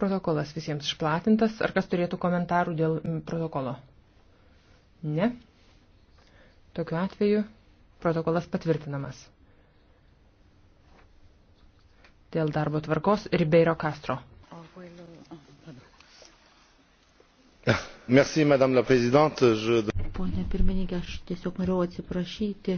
Protokolas visiems išplatintas. Ar kas turėtų komentarų dėl protokolo? Ne. Tokiu atveju protokolas patvirtinamas. Dėl darbo tvarkos Ribeiro Castro. Merci, madame la présidente. Je... Pone pirmininkė, aš tiesiog norėjau atsiprašyti.